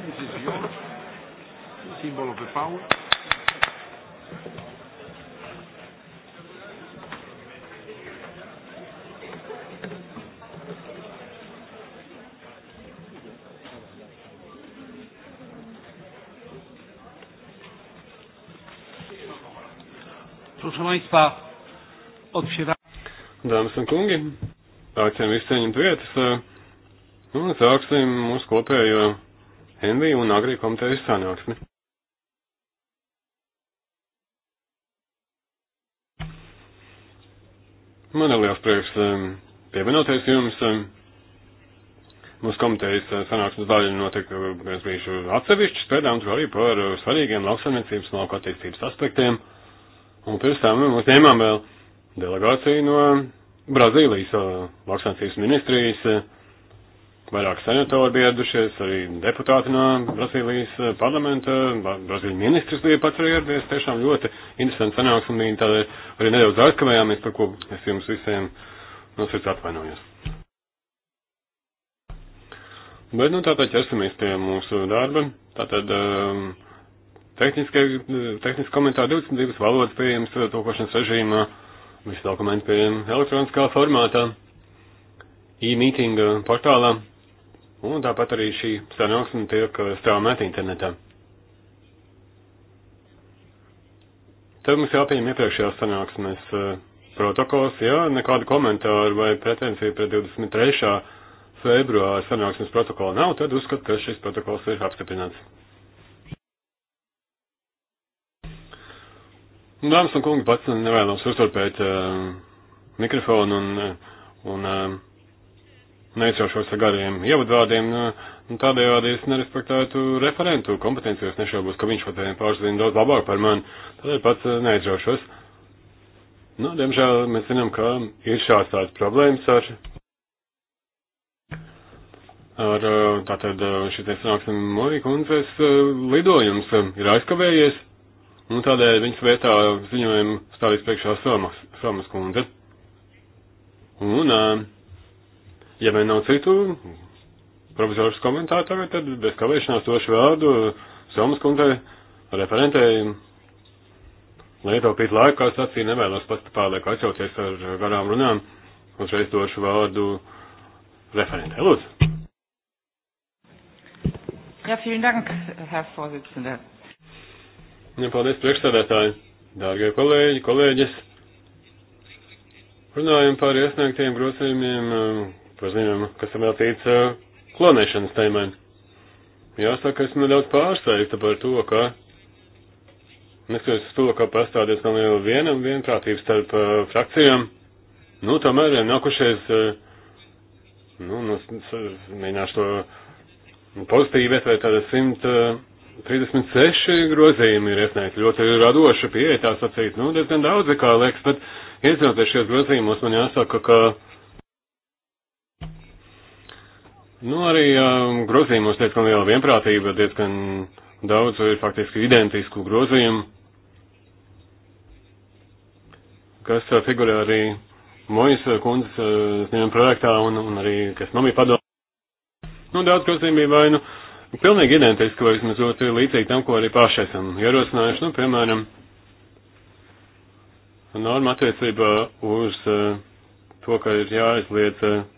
This is yours. Symbol of the power. Proszę Państwa, otwieram. Dāmas un kungi, aicinu visus ieņemt vietas un sāksim mūsu kopējo NV un Agri komitejas sanāksmi. Man ir liels prieks um, pievienoties jums. Um, mūsu komitejas uh, sanāksmes daļa notika, es uh, biju atsevišķi, spēdām tur arī par uh, svarīgiem lauksaimniecības un lauka attīstības aspektiem. Un pirms tam mēs ņēmām vēl delegāciju no Brazīlijas lauksaimniecības ministrijas Vairāk senatori bija ieradušies, arī deputāti no Brazīlijas eh, parlamenta, Brazīlijas ministrs bija pats arī ieradies. Tiešām ļoti interesanti sanāksme bija, tādēļ arī nedaudz aizkavējāmies, par ko es jums visiem no sirds atvainojos. Bet, nu, tātad ķersimies pie mūsu darba. Tātad, um, tehniski komentāri 22 valodas pieejams tulkošanas režīmā, visi dokumenti pieejami elektroniskā formātā, e-meetinga eh, portālā. Un tāpat arī šī sanāksme tiek straumēta internetā. Tad mums jāpieņem iepriekšējās sanāksmes eh, protokols, ja nekādu komentāru vai pretensiju pret 23. februāra sanāksmes protokolu nav, tad uzskat, ka šis protokols ir apstiprināts. Dāmas un kungi, pats nevēlos uzturpēt uh, mikrofonu un, eh, un uh, neizjaušos ar gariem ievadvārdiem, un nu, nu, tādējādi es nerespektētu referentu kompetencijos, nešaubos, ka viņš patēm pārzina daudz labāk par mani, tādēļ pats eh, neizjaušos. Nu, diemžēl mēs zinām, ka ir šāds tāds problēmas ar, ar eh, tātad eh, šitie sanāksim Morī kundzes lidojums ir aizkavējies, un nu, tādēļ viņas vietā ziņojumu stādīs priekšā Somas, Somas kundze. Un, uh, Ja vien nav citu provizorisku komentāru tagad, tad bez kavēšanās došu vārdu Somas kundzei referentei, lai ietaupītu laiku, kā sacīja, nevēlos pats pārliek atjauties ar garām runām, un šeit došu vārdu referentei. Lūdzu! Ja, vielen Dank, Herr Vorsitzender. Ja, paldies, priekšstādātāji, dārgie kolēģi, kolēģis. Runājam par iesniegtiem grozījumiem par ziņojumu, kas ir veltīts uh, klonēšanas tēmai. Jāsaka, esmu nedaudz pārsteigta par to, ka neskatoties uz to, ka pastādies nav jau viena vienprātības starp uh, frakcijām, nu, tomēr ir nākušies, uh, nu, nu, mēģināšu to pozitīvi ietvērt tāda 136 grozījumi ir iesniegti. Ļoti radoša pieeja tā sacīt, nu, diezgan daudz, kā liekas, bet iedzinoties šajos grozījumos man jāsaka, ka. ka Nu, arī um, grozījumos diezgan liela vienprātība, diezgan daudz ir faktiski identisku grozījumu, kas uh, figurē arī Mojas uh, kundzes uh, ņēmuma projektā un, un arī, kas man bija padomā. Nu, daudz grozījumu bija vai nu pilnīgi identiski, vai vismaz ļoti līdzīgi tam, ko arī paši esam ierosinājuši, nu, piemēram, norma attiecībā uz uh, to, ka ir jāizliet. Uh,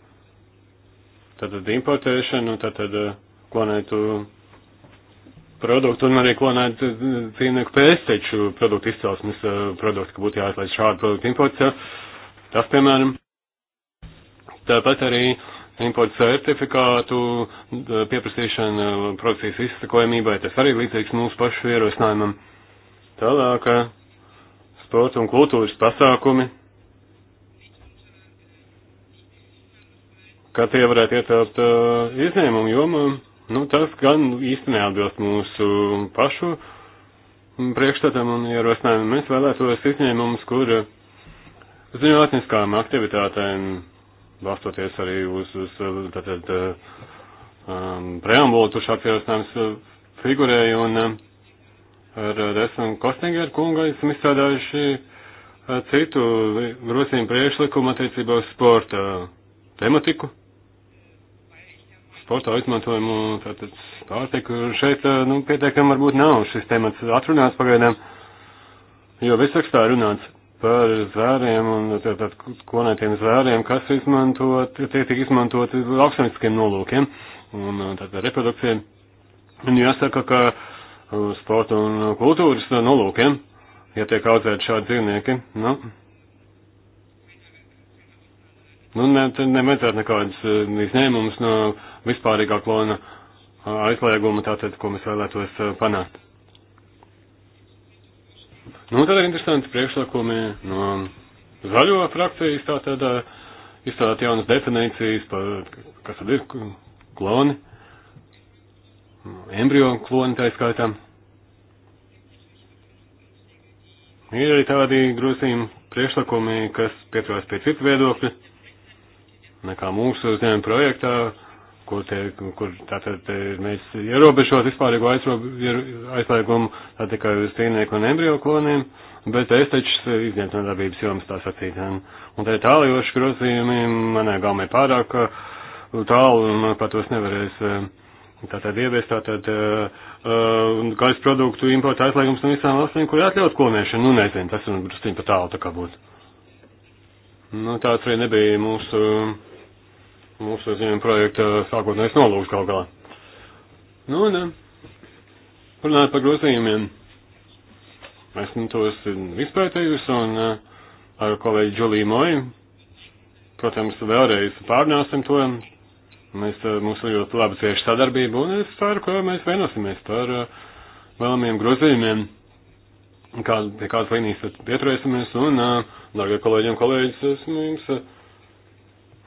tātad importēšanu, tātad eh, klonētu produktu un arī klonētu eh, dzīvnieku pēsteču produktu izcelsmes eh, produktu, ka būtu jāatlaiž šādu produktu imports. Tas, piemēram, tāpat arī importu certifikātu pieprasīšana produkcijas izsakojamībai, tas arī līdzīgs mūsu pašu ierosinājumam. Tālāk, sporta un kultūras pasākumi. ka tie varētu ietilpt uh, izņēmumu jomā, nu, tas gan īsti neatbilst mūsu pašu priekšstatam un ierosinājumam. Mēs vēlētos izņēmumus, kur ziņotniskām aktivitātēm, balstoties arī uz, uz tātad, uh, um, preambulu, tur šāds ierosinājums uh, figurēja un uh, ar Resmu Kostingeru kungu esam izstrādājuši citu grozījumu priekšlikumu attiecībā uz sporta tematiku sportā izmantojumu pārtiku. Šeit, eh, nu, pietiekami varbūt nav šis temats atrunāts pagaidām, jo visrakstā runāts par zvēriem un tātad klonētiem zvēriem, kas izmantot, tiek tik izmantot lauksainiskiem nolūkiem un eh, tātad reprodukcijiem. Un jāsaka, ka sporta un kultūras nolūkiem, ja tiek audzēt šādi dzīvnieki, nu, Nu, ne, nevajadzētu nekādas eh, izņēmumus no vispārīgā klona aizlieguma, tātad, ko mēs vēlētos panākt. Nu, tad ir interesanti priekšlikumi no zaļo frakcijas, tātad izstrādāt jaunas definīcijas par, kas tad ir kloni, embrionu kloni tā skaitām. Ir arī tādi grūzījumi priekšlikumi, kas pieturās pie citu viedokļu, nekā mūsu uzņēmuma projektā, kur, te, kur tātad mēs ierobežot vispārīgo aizliegumu tā tikai uz dzīvnieku un embriju kloniem, bet es taču izņemtu no darbības jomas tā sacīt. Un, un tā ir tālajoši grozījumi, manai galmai pārāk uh, tālu, un pat tos nevarēs uh, tātad ieviest, tātad uh, uh gaļas produktu importa aizliegums no visām valstīm, kur atļaut klonēšanu, nu nezinu, tas ir drusciņ pa tālu tā kā būtu. Nu, tāds arī nebija mūsu. Uh, mūsu ziņojuma projekta sākotnējais nolūks kaut kā. Nu, un eh, runājot par grozījumiem, esmu tos izpētējusi un eh, ar kolēģi Džoliju Moju, protams, vēlreiz pārnāsim to. Mēs, eh, mums ir ļoti laba cieša sadarbība un es ceru, ka mēs vienosimies par vēlamiem grozījumiem kā, pie kādas līnijas pieturēsimies, un, dārgie kolēģi un kolēģis, esmu jums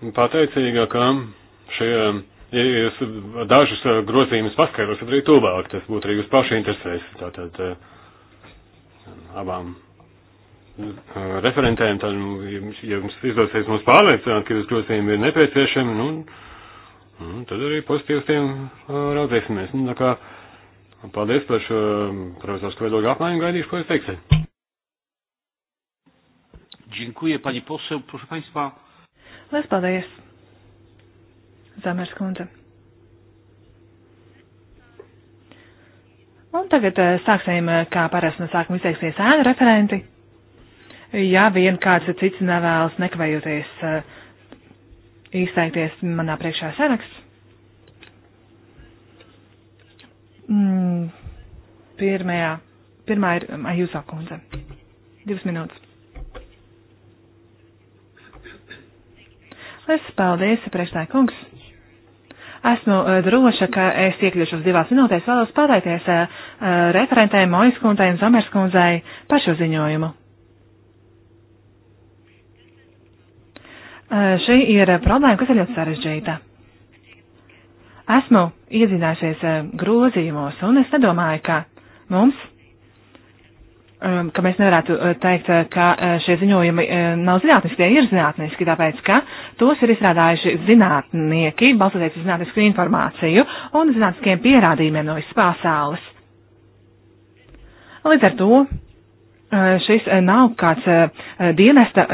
pateicīga, ka šie, ja jūs dažus eh, grozījumus paskaidrosiet arī tuvāk, tas būtu arī jūs paši interesēs, tātad eh, abām eh, referentēm, tad, nu, ja jums izdosies mums pārliecināt, ka jūs grozījumi ir nepieciešami, nu, nu, tad arī pozitīvs tiem raudzēsimies. Nu, tā kā paldies par šo mm, profesorsku viedokļu apmaiņu, gaidīšu, ko jūs teiksiet. Dziękuję pani poseł. Proszę państwa, Lielas paldies, Zamers kundze. Un tagad eh, sāksim, eh, kā parasti mēs sākam izteiksies ēnu referenti. Ja vien kāds cits nevēlas nekavējoties eh, izteikties manā priekšā saraksts. Mm, pirmajā, pirmā ir Ajūsā kundze. Divas minūtes. Es paldies, priekšstāja kungs. Esmu uh, droša, ka es iekļūšos divās minūtēs, vēlos pateikties uh, uh, referentē Mojas kundzei un Zamers kundzei par šo ziņojumu. Šī ir problēma, kas ir ļoti sarežģīta. Esmu iedzinājušies grozījumos, un es nedomāju, ka mums Um, ka mēs nevarētu uh, teikt, uh, ka uh, šie ziņojumi nav zinātniski, tie ir zinātniski, tāpēc, ka tos ir izstrādājuši zinātnieki, balstoties uz zinātnisku informāciju un zinātniskiem pierādījumiem no visas pasaules. Līdz ar to šis nav kāds dienesta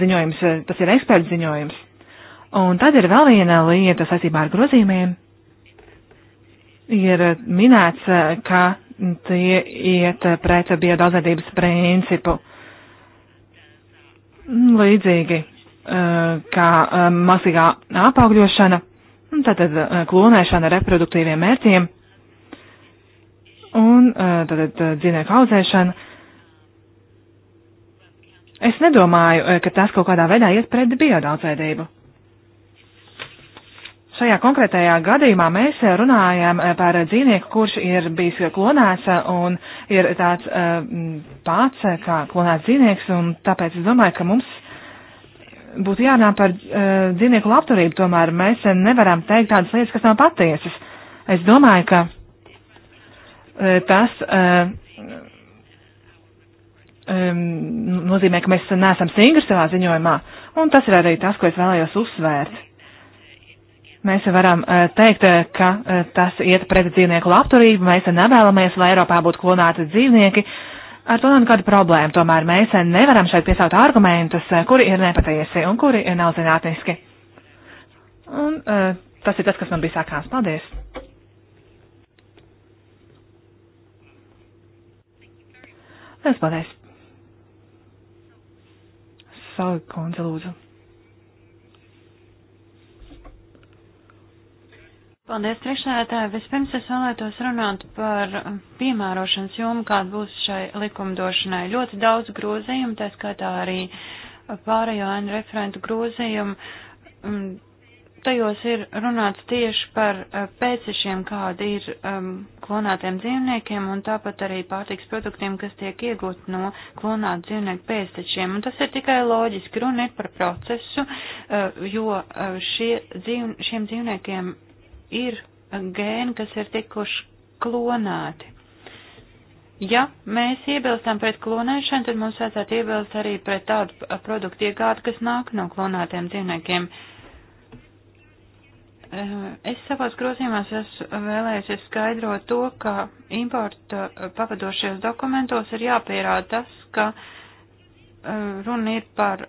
ziņojums, tas ir eksperts ziņojums. Un tad ir vēl viena lieta saistībā ar grozījumiem. Ir minēts, ka tie iet pret biodaudzveidības principu. Līdzīgi eh, kā eh, masīgā apaugļošana, tātad eh, klonēšana reproduktīviem mērķiem un tātad dzīvnieku audzēšana. Es nedomāju, ka tas kaut kādā veidā iet pret biodaudzveidību. Šajā konkrētajā gadījumā mēs eh, runājam eh, par dzīvnieku, kurš ir bijis klonēts eh, un ir tāds pats kā klonēts dzīvnieks, un tāpēc es domāju, ka mums būtu jārunā par dzīvnieku labturību, tomēr mēs nevaram teikt tādas lietas, kas nav patiesas. Es domāju, ka tas nozīmē, ka mēs neesam stingri savā ziņojumā, un tas ir arī tas, ko es vēlējos uzsvērt Mēs varam eh, teikt, eh, ka eh, tas iet pret dzīvnieku labturību, mēs nevēlamies, lai Eiropā būtu klonēti dzīvnieki. Ar to nav nekāda problēma, tomēr mēs nevaram šeit piesaut argumentus, kuri ir nepatiesi un kuri nav zinātniski. Un tas ir tas, kas man bija sākās. Paldies! Liels paldies! Sauli kundze, lūdzu. Paldies, priekšsēdētāji. Vispirms es vēlētos runāt par piemērošanas jomu, kāda būs šai likumdošanai. Ļoti daudz grozījumu, tā skaitā arī pārējo ēnu referentu grozījumu. Mm, tajos ir runāts tieši par eh, pēcišiem, kādi ir um, ehm, klonētiem dzīvniekiem, un tāpat arī pārtiks produktiem, kas tiek iegūti no klonētu dzīvnieku pēcišiem. Un tas ir tikai loģiski runa ir par procesu, uh, jo uh, šie dzīv, šiem dzīvniekiem ir gēni, kas ir tikuši klonēti. Ja mēs iebilstam pret klonēšanu, tad mums vajadzētu iebilst arī pret tādu produktu iegādi, kas nāk no klonētiem dzīvniekiem. Eh, es savās grozījumās esmu vēlējusies skaidrot to, ka importa eh, pavadošajos dokumentos ir jāpierāda tas, ka eh, runa ir par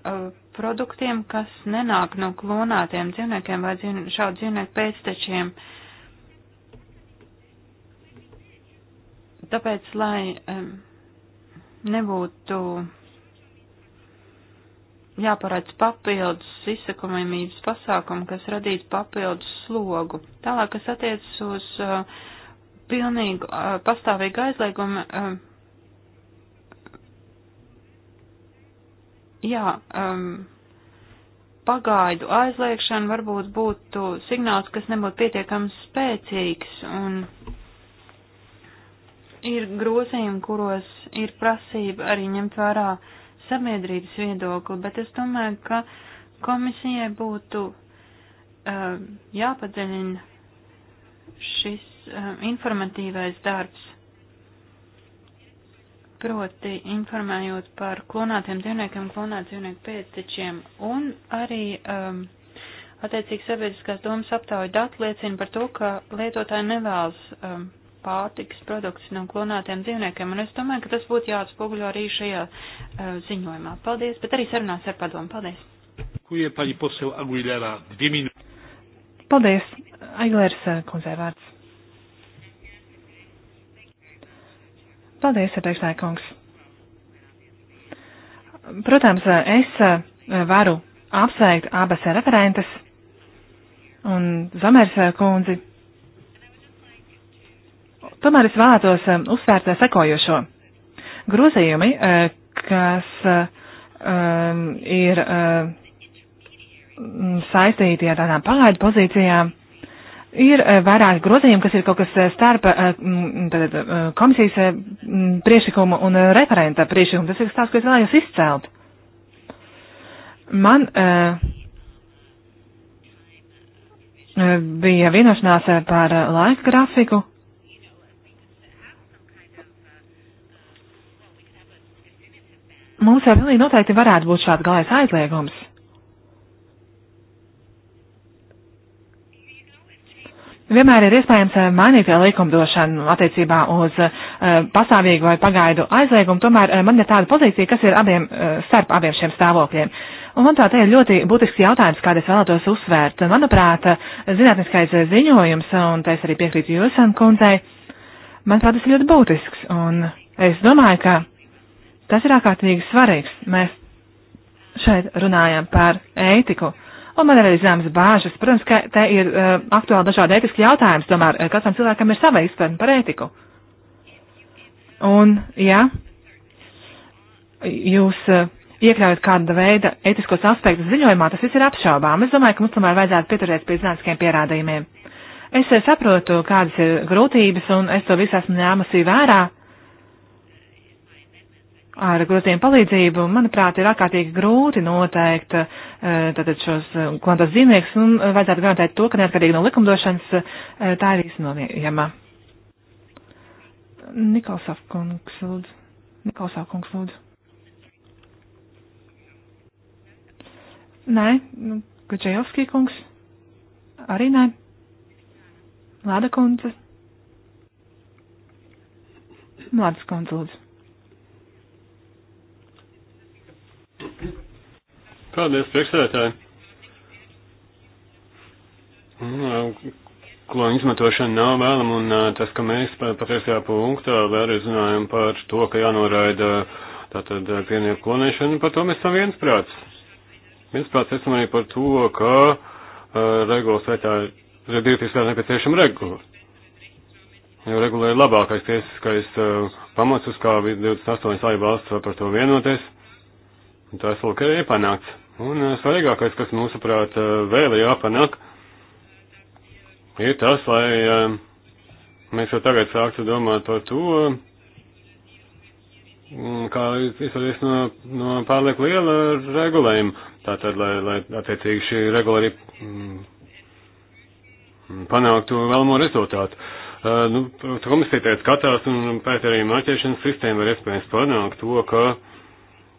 produktiem, kas nenāk no klonātiem dzīvniekiem vai dzīv, šādu dzīvnieku pēctečiem. Tāpēc, lai um, nebūtu jāparāds papildus izsakomības pasākumu, kas radīs papildus slogu. Tālāk, kas attiecas uz uh, pilnīgu uh, pastāvīgu aizliegumu, uh, jā, um, pagaidu aizliekšana varbūt būtu signāls, kas nebūtu pietiekams spēcīgs, un ir grozījumi, kuros ir prasība arī ņemt vērā sabiedrības viedokli, bet es domāju, ka komisijai būtu uh, jāpadziļina šis uh, informatīvais darbs proti informējot par klonātiem dzīvniekiem, klonāt dzīvnieku pēctečiem un arī um, attiecīgi sabiedriskās domas aptauja dati liecina par to, ka lietotāji nevēlas um, pārtikas produktus no klonātiem dzīvniekiem, un es domāju, ka tas būtu jāatspoguļo arī šajā uh, ziņojumā. Paldies, bet arī sarunās ar padomu. Paldies. Kurie, paļi, posel, Aguilera, Paldies, Aguilera konzervārds. Paldies, priekšsēdētāj kungs. Protams, es eh, varu apsveikt abas referentes un Zamers eh, kundzi. Tomēr es vēlētos eh, uzsvērt sekojošo. Grozījumi, kas um, ir um, saistīti ar tādām pagaidu pozīcijām, Ir eh, vairāki grozījumi, kas ir kaut kas eh, starp eh, tātad, komisijas priešlikumu un referenta priešlikumu. Tas ir tās, ko es vēlējos izcelt. Man bija vienošanās par laika grafiku. Mums jau pilnīgi noteikti varētu būt šāds galais aizliegums. Vienmēr ir iespējams eh, mainīt eh, likumdošanu attiecībā uz eh, pastāvīgu vai pagaidu aizliegumu, tomēr man ir tāda pozīcija, kas ir abiem, starp abiem šiem stāvokļiem. Un man tā te ir ļoti būtisks jautājums, kādu es vēlētos uzsvērt. Manuprāt, zinātniskais ziņojums, un tā es arī piekrītu jūsam, kundzei, manuprāt, tas ir ļoti būtisks, un es domāju, ka tas ir ārkārtīgi svarīgs. Mēs šeit runājam par ētiku Un man ir arī zināmas bāžas. Protams, ka te ir uh, aktuāli dažādi ētiski jautājums, tomēr eh, katram cilvēkam ir sava izpratne par ētiku. Un, ja jūs uh, iekļaujat kāda veida ētiskos aspektus ziņojumā, tas viss ir apšaubām. Es domāju, ka mums tomēr vajadzētu pieturēties pie zinātniskiem pierādījumiem. Es uh, saprotu, kādas ir grūtības, un es to visu esmu ņēmusi vērā ar grozījumu palīdzību, manuprāt, ir ārkārtīgi grūti noteikt eh, tātad šos eh, kvantas zīmniekus un eh, vajadzētu garantēt to, ka neatkarīgi no likumdošanas tā ir īstenojama. Nikolsov kungs, lūdzu. Nikolsov kungs, lūdzu. Nē, Kučajovskī nu, kungs. Arī nē. Lāda kundze. Mlādas kundze, lūdzu. Paldies, priekšsēdētāji. Nu, Ko izmantošana nav vēlama, un tas, ka mēs patiesajā punktā vēlreiz runājam par to, ka jānoraida tātad dzīvnieku klonēšana, par to mēs esam viensprāts. Viensprāts esam arī par to, ka uh, regulas vietā ir divtiskā nepieciešama regula. Jo regula ir labākais tiesiskais uh, pamats, uz kā 28 valsts var par to vienoties. Un tas lūk arī panākts. Un eh, svarīgākais, kas mūsuprāt eh, vēl jāpanāk, ir tas, lai eh, mēs jau tagad sāktu domāt par to, mm, kā izvaries no, no pārlieku liela regulējuma. Tātad, lai, lai attiecīgi šī regula arī mm, panāktu vēlamo rezultātu. Uh, nu, komisija teica, skatās un pēc arī mārķēšanas sistēma var iespējams panākt to, ka uh,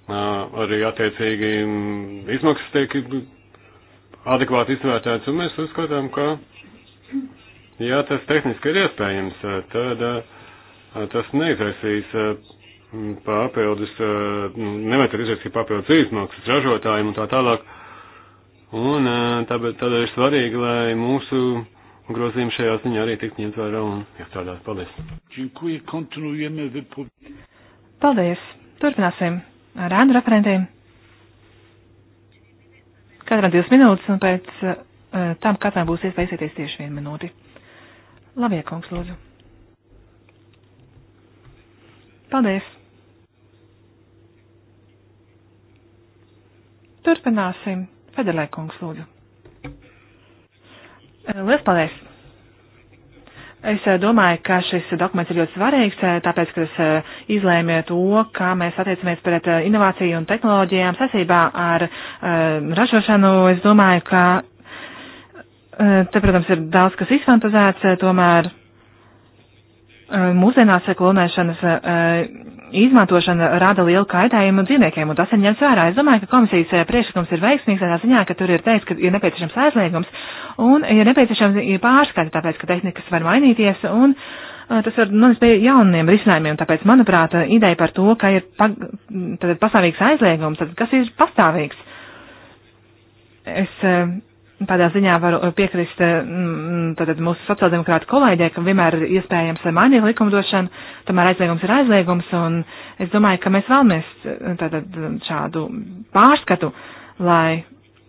arī attiecīgi izmaksas tiek adekvāti izvērtētas, un mēs uzskatām, ka, ja tas tehniski ir iespējams, tad tas neizraisīs papildus, nevajadzētu izraisīt papildus izmaksas ražotājiem un tā tālāk. Un tāpēc tādēļ ir svarīgi, lai mūsu grozījumi šajā ziņā arī tiktu ņemt vērā un iestrādāt. Paldies! Paldies! Turpināsim! ar ēnu referentiem. Katram divas minūtes, un pēc uh, tam katram būs iespēja izsēties tieši vienu minūti. Labie kungs, lūdzu. Paldies. Turpināsim. Federlē kungs, lūdzu. Lielas paldies. Es eh, domāju, ka šis dokuments ir ļoti svarīgs, eh, tāpēc, ka tas eh, izlēma to, kā mēs attiecamies pret inovāciju un tehnoloģijām sasībā ar ražošanu. Es domāju, ka te, protams, ir daudz kas izfantazēts, tomēr Eh, mūsdienās klonēšanas eh, izmantošana rada lielu kaitējumu dzīvniekiem, un tas ir ņemts vērā. Es domāju, ka komisijas eh, priekšlikums ir veiksmīgs tādā ziņā, ka tur ir teikts, ka ir nepieciešams aizliegums un ir nepieciešams pārskati, tāpēc, ka tehnikas var mainīties, un tas var nonākt pie jauniem risinājumiem. Tāpēc, manuprāt, ideja par to, ka ir pag, pastāvīgs aizliegums, tad kas ir pastāvīgs? Es Tādā ziņā varu piekrist mm, tātad mūsu sociāldemokrāta kolēģē, ka vienmēr ir iespējams mainīt likumdošanu, tomēr aizliegums ir aizliegums, un es domāju, ka mēs vēlamies tātad šādu pārskatu, lai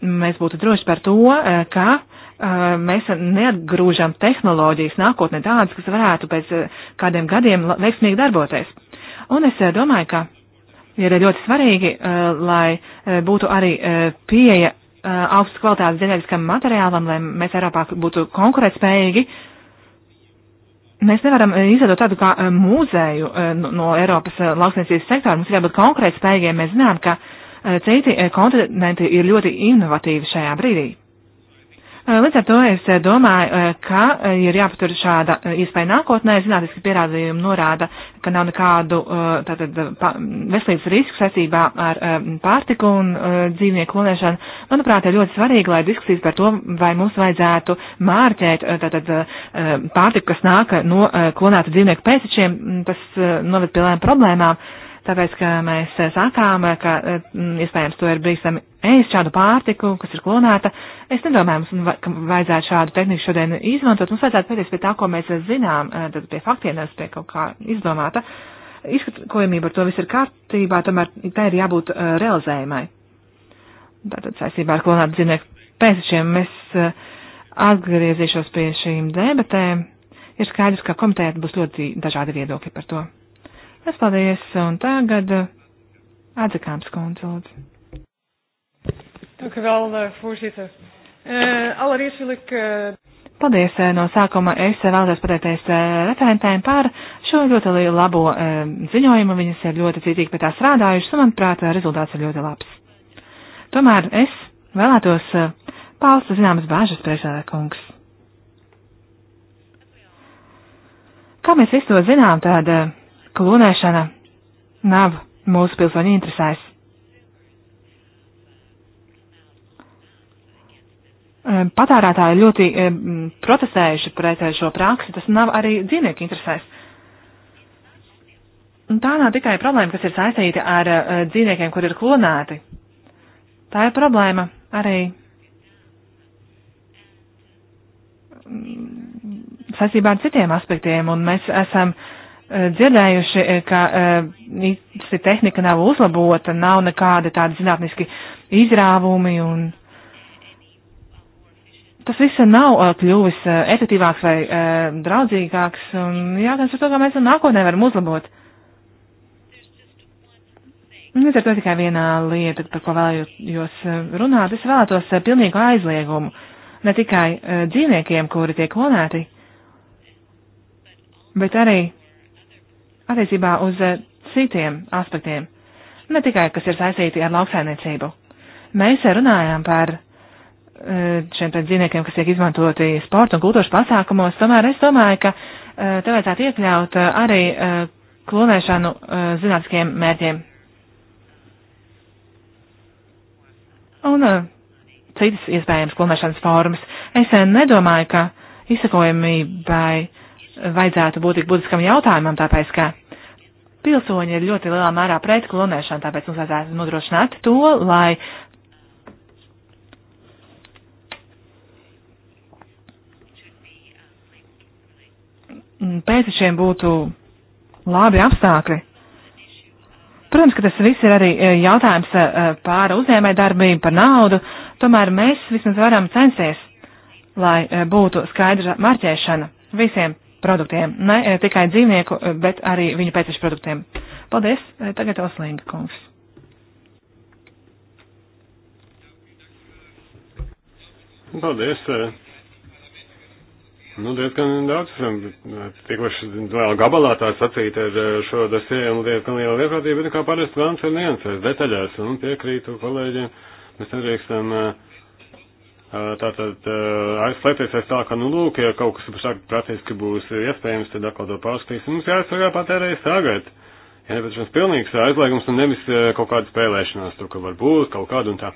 mēs būtu droši par to, ka mēs neatgrūžam tehnoloģijas nākotnē tādas, kas varētu pēc kādiem gadiem veiksmīgi darboties. Un es domāju, ka ir ļoti svarīgi, lai būtu arī pieeja Uh, augstas kvalitātes ģenētiskam materiālam, lai mēs Eiropā būtu konkurētspējīgi, mēs nevaram uh, izveidot tādu kā uh, mūzēju no Eiropas lauksniecības sektora. Mums ir jābūt konkurētspējīgiem. Mēs zinām, ka citi kontinenti ir ļoti innovatīvi šajā brīdī. Eh, līdz ar to es eh, domāju, eh, ka ir jāpatur šāda iespēja nākotnē. Zinātniski pierādījumi norāda, ka nav nekādu tātad, veselības risku saistībā ar pārtiku un dzīvnieku klonēšanu. Manuprāt, ir ļoti svarīgi, lai diskusijas par to, vai mums vajadzētu mārķēt tātad, pārtiku, kas nāk no klonēta dzīvnieku pēcečiem, tas noved pie lēm problēmām. Tāpēc, ka mēs sakām, ka mm, iespējams to ir bīstami ēst šādu pārtiku, kas ir klonēta, es nedomāju, mums vajadzētu šādu tehniku šodien izmantot. Mums vajadzētu pēties pie tā, ko mēs zinām, eh, tad pie faktiem, nevis pie kaut kā izdomāta. Izskatkojamība ar to viss ir kārtībā, tomēr tā ir jābūt uh, realizējumai. Tātad saistībā ar klonētu dzīvnieku pēcšiem mēs uh, eh, atgriezīšos pie šīm debatēm. Ir skaidrs, ka komitējai būs ļoti dažādi viedokļi par to. Es paldies, un tagad uh, atzakāms konsults. Dank u wel, eh, voorzitter. Uh, allereerst wil ik. Uh... Paldies no sākuma. Es vēlos pateikties referentēm par šo ļoti labo ziņojumu. Viņas ir ļoti cītīgi pie tā strādājušas, un, manuprāt, rezultāts ir ļoti labs. Tomēr es vēlētos paust zināmas bāžas priekšsēdētājs. Kā mēs visi to zinām, tad klonēšana nav mūsu pilsoņu interesēs. Patērētāji ļoti protestējuši pret eh, šo praksi, tas nav arī dzīvnieku interesēs. Tā nav tikai problēma, kas ir saistīta ar eh, dzīvniekiem, kur ir klonēti. Tā ir problēma arī mm, saistībā ar citiem aspektiem, un mēs esam uh, Eh, dzirdējuši, eh, ka šī eh, tehnika nav uzlabota, nav nekādi tādi zinātniski izrāvumi un tas viss nav kļuvis efektīvāks vai draudzīgāks un jautājums par to, kā mēs to nākotnē varam uzlabot. Līdz ar to tikai vienā lieta, par ko vēlējos runāt, es vēlētos pilnīgu aizliegumu ne tikai dzīvniekiem, kuri tiek klonēti, bet arī attiecībā uz eh, citiem aspektiem, ne tikai kas ir saistīti ar lauksainiecību. Mēs eh, runājām par eh, šiem dzīvniekiem, kas tiek izmantoti sporta un kultūras pasākumos, tomēr es domāju, ka te vajadzētu iekļaut arī klonēšanu zinātniskiem mērķiem. Un citas iespējams klonēšanas formas. Es nedomāju, ka izsakojamībai vajadzētu būt tik būtiskam jautājumam, tāpēc, ka pilsoņi ir ļoti lielā mērā pret klonēšanu, tāpēc mums vajadzētu nodrošināt to, lai pēctečiem būtu labi apstākļi. Protams, ka tas viss ir arī eh, jautājums eh, par uzņēmē darbību, par naudu, tomēr mēs vismaz varam censties, lai eh, būtu skaidra marķēšana visiem produktiem. Ne e, tikai dzīvnieku, e, bet arī viņu pēctešu produktiem. Paldies! E, tagad Oslinga kungs. Paldies! Nu, diezgan daudz esam tikuši vēl gabalā tā sacīt ar šo dosējumu diezgan liela vienprātība, bet kā parasti vēlams ir niansēs, detaļās, un piekrītu kolēģiem, mēs nedrīkstam uh, Tātad aizslēpties aiz tā, ka, nu, lūk, ja kaut kas pašāk praktiski būs iespējams, tad atkal to pārskatīsim. Mums jāaizsargā patērējs tagad. Ja nepieciešams pilnīgs aizliegums un nevis kaut kāda spēlēšanās, tur, ka var būt kaut kāda un tā.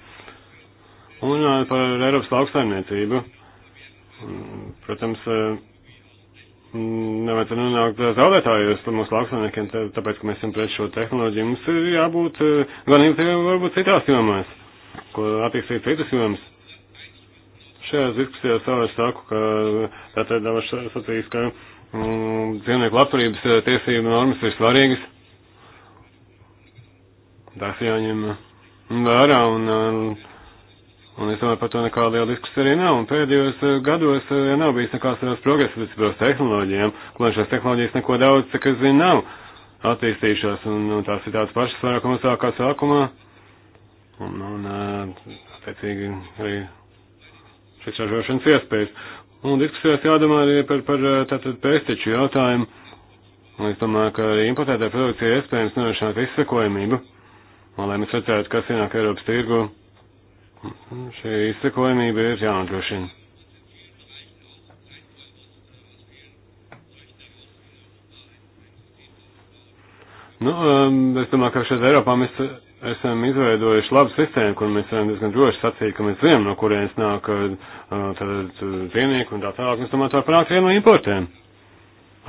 Un par Eiropas lauksaimniecību. Mm, protams, mm, nevajadzētu nonākt zaudētājos mūsu lauksaimniekiem, tāpēc, ka mēs esam pret šo tehnoloģiju. Mums ir jābūt gan jau varbūt citās jomās, ko attīstīt citas jomas. Šajās diskusijās vēl es saku, ka tātad es sacīju, ka mm, dzīvnieku labturības eh, tiesību normas ir svarīgas. Tās jāņem vērā un, eh, un es domāju, par to nekāda liela diskusija arī nav. Un pēdējos eh, gados ja nav bijis nekāds tāds progress vispār tehnoloģijām, klāt šās tehnoloģijas neko daudz, kas zina, nav attīstījušās un, un tās ir tādas pašas vairāk un mazākā sākumā. Un, un, attiecīgi, arī šīs ražošanas iespējas. Un diskusijās jādomā arī par, par tātad pēsteču jautājumu. Un es domāju, ka arī importētā produkcija iespējams nodrošināt izsakojamību, un, lai mēs redzētu, kas ienāk Eiropas tirgu. Šī izsakojamība ir jānodrošina. Nu, um, es domāju, ka šeit Eiropā mēs esam izveidojuši labu sistēmu, kur mēs varam diezgan droši sacīt, ka mēs zinām, no kurienes nāk tātad uh, uh, dzīvnieku un tā tālāk. Es domāju, tā panāks vienu no importiem.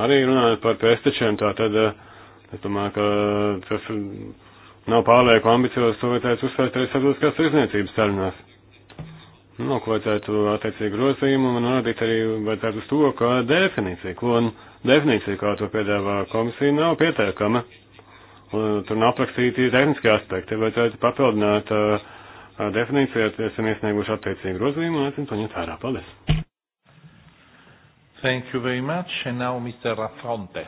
Arī runājot par pēstečiem, tātad uh, es domāju, ka tas nav pārlieku ambiciozs, to vajadzētu uzsvērt arī sabiedriskās izniecības sarunās. Nu, ko vajadzētu attiecīgi grozījumu un norādīt arī vajadzētu uz to, ka definīcija, klona definīcija, kā to piedāvā komisija, nav pietiekama. Tur nav aprakstīti tehniski aspekti, vajadzētu papildināt uh, definīciju, ja esam iesnieguši attiecīgu grozījumu, un aicinu to ņemt vērā. Paldies! Thank you very much, and now Mr. Affronte.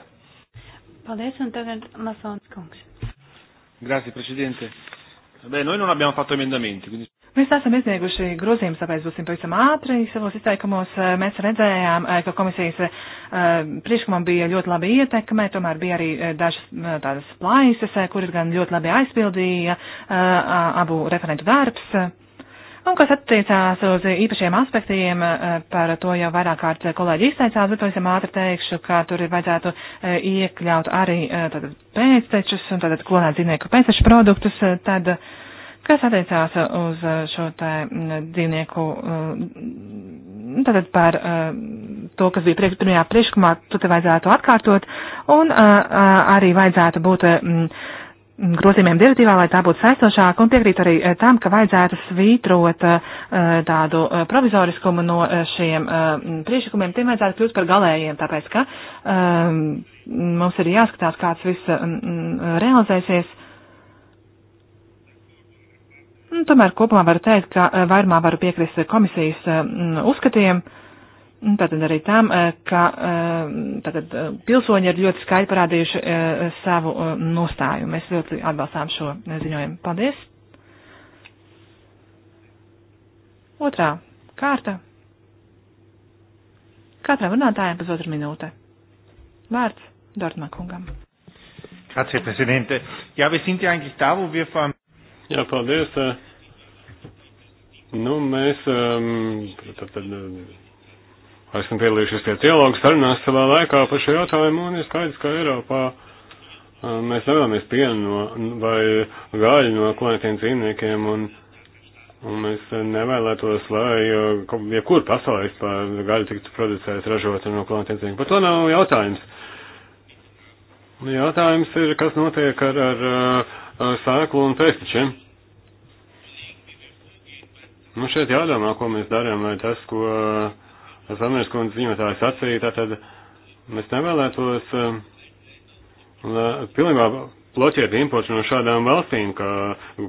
Paldies, un tagad Masons kungs. Grazie, Presidente. Beh, noi non abbiamo fatto emendamenti, quindi... Mēs esam iesnieguši grozījumus, tāpēc būsim pavisam ātri. Savos izteikumos eh, mēs redzējām, eh, ka komisijas eh, priekšlikumam bija ļoti laba ietekme, tomēr bija arī dažas tādas plaisas, kuras gan ļoti labi aizpildīja abu referentu darbs. Un kas attiecās uz īpašiem aspektiem, par to jau vairāk kārt kolēģi izteicās, bet pavisam ātri teikšu, ka tur ir vajadzētu iekļaut arī tātad pēctečus un tātad klonēt dzīvnieku pēcteču produktus. Tad, uh, kas attiecās uz eh, šo tā mm, dzīvnieku, mm, tātad par eh, to, kas bija priekš, pirmajā priekšlikumā, to te vajadzētu atkārtot, un eh, arī vajadzētu būt mm, grozījumiem direktīvā, lai tā būtu saistošāka, un piekrīt arī tam, ka vajadzētu svītrot tādu provizoriskumu no šiem priekšlikumiem, tiem vajadzētu kļūt par galējiem, tāpēc ka mums ir jāskatās, kāds viss realizēsies Un, nu, tomēr kopumā varu teikt, ka eh, vairumā varu piekrist eh, komisijas eh, uzskatiem. Nu, tātad arī tam, ka tātad, pilsoņi ir ļoti skaidri parādījuši savu nostāju. Mēs ļoti atbalstām šo ziņojumu. Paldies! Otrā kārta. Katrā runātājā pusotra minūte. Vārds Dortmā kungam. Grazie, Presidente. Ja, wir sind ja eigentlich da, wo wir vor Jā, paldies. Nu, mēs um, tad, tad, esam piedalījušies pie dialogu sarunās savā laikā par šo jautājumu, un ir skaidrs, ka Eiropā um, mēs nevēlamies pienu no, vai gaļu no klājieniem dzīvniekiem, un, un mēs nevēlētos, lai uh, jebkur pasaulē vispār gaļa tiktu producēta, ražota no klājieniem dzīvniekiem. Par to nav jautājums. Jautājums ir, kas notiek ar, ar sēklu un pēkšķi. Nu, šeit jādomā, ko mēs darām, vai tas, ko Zamieras kundze ziņotājs sacīja, tātad mēs nevēlētos la, pilnībā bloķēt importu no šādām valstīm, kā,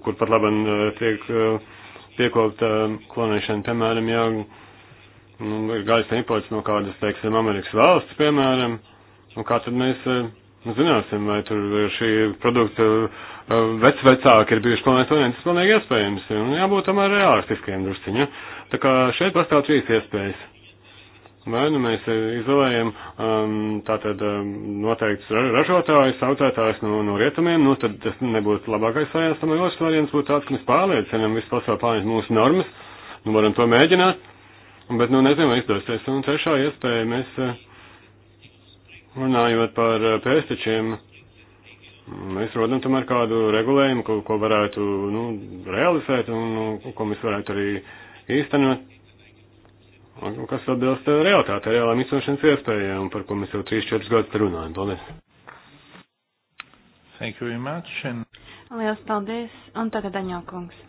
kur pat labam tiek piekopta klonēšana, piemēram, jā, nu, ir gaļas imports no kādas, teiksim, Amerikas valsts, piemēram, un kā tad mēs Nu, zināsim, vai tur šī produkta eh, vec vecāki ir bijuši planētas planētas, tas pilnīgi iespējams. Un jābūt tomēr realistiskiem drusciņu. Tā kā šeit pastāv trīs iespējas. Vai nu mēs izolējam um, tātad um, noteikts ražotājs, autētājs no, no rietumiem, nu tad tas nebūtu labākais variants, tomēr otrs variants būtu tāds, ka mēs pārliecinām visu pasauli pārņemt mūsu normas, nu varam to mēģināt, bet nu nezinu, vai izdosies. Un trešā iespēja mēs. Uh, Runājot par eh, pēstečiem, mēs rodam tomēr kādu regulējumu, ko, ko varētu nu, realizēt un nu, ko mēs varētu arī īstenot, un, kas atbilst eh, realitātei, reālām izsošanas iespējām, par ko mēs jau 3-4 gadus runājam. Paldies! Thank you very much. And... Lielas paldies, un tagad Daņokungs.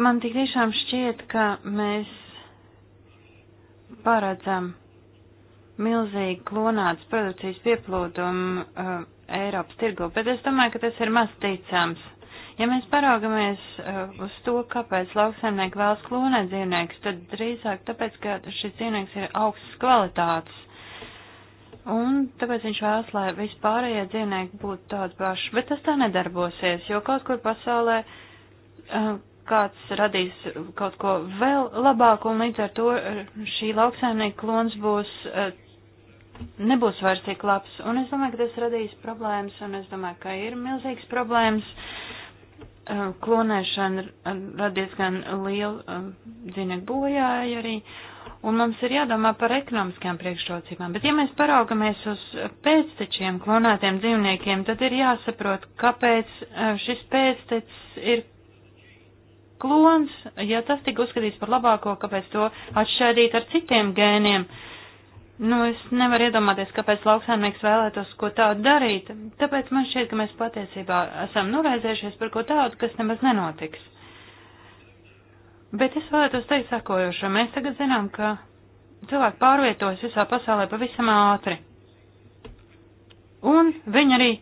Man tik tiešām šķiet, ka mēs paredzam milzīgi klonāts produkcijas pieplūdumu uh, Eiropas tirgu, bet es domāju, ka tas ir maz ticams. Ja mēs paraugamies uh, uz to, kāpēc lauksaimnieki vēlas klonēt dzīvniekus, tad drīzāk tāpēc, ka šis dzīvnieks ir augstas kvalitātes. Un tāpēc viņš vēlas, lai vispārējie dzīvnieki būtu tādi paši. Bet tas tā nedarbosies, jo kaut kur pasaulē uh, kāds radīs kaut ko vēl labāku, un līdz ar to eh, šī lauksaimnieka klons būs, eh, nebūs vairs tik labs. Un es domāju, ka tas radīs problēmas, un es domāju, ka ir milzīgs problēmas. Eh, klonēšana radies gan liela dzīvnieku bojāja arī, un mums ir jādomā par ekonomiskām priekšrocībām. Bet ja mēs paraugamies uz pēctečiem klonētiem dzīvniekiem, tad ir jāsaprot, kāpēc šis pēctecis ir klons, ja tas tika uzskatīts par labāko, kāpēc to atšķaidīt ar citiem gēniem. Nu, es nevaru iedomāties, kāpēc lauksaimnieks vēlētos ko tādu darīt, tāpēc man šķiet, ka mēs patiesībā esam noraizējušies par ko tādu, kas nemaz nenotiks. Bet es vēlētos teikt sakojošo, mēs tagad zinām, ka cilvēki pārvietojas visā pasaulē pavisam ātri. Un viņi arī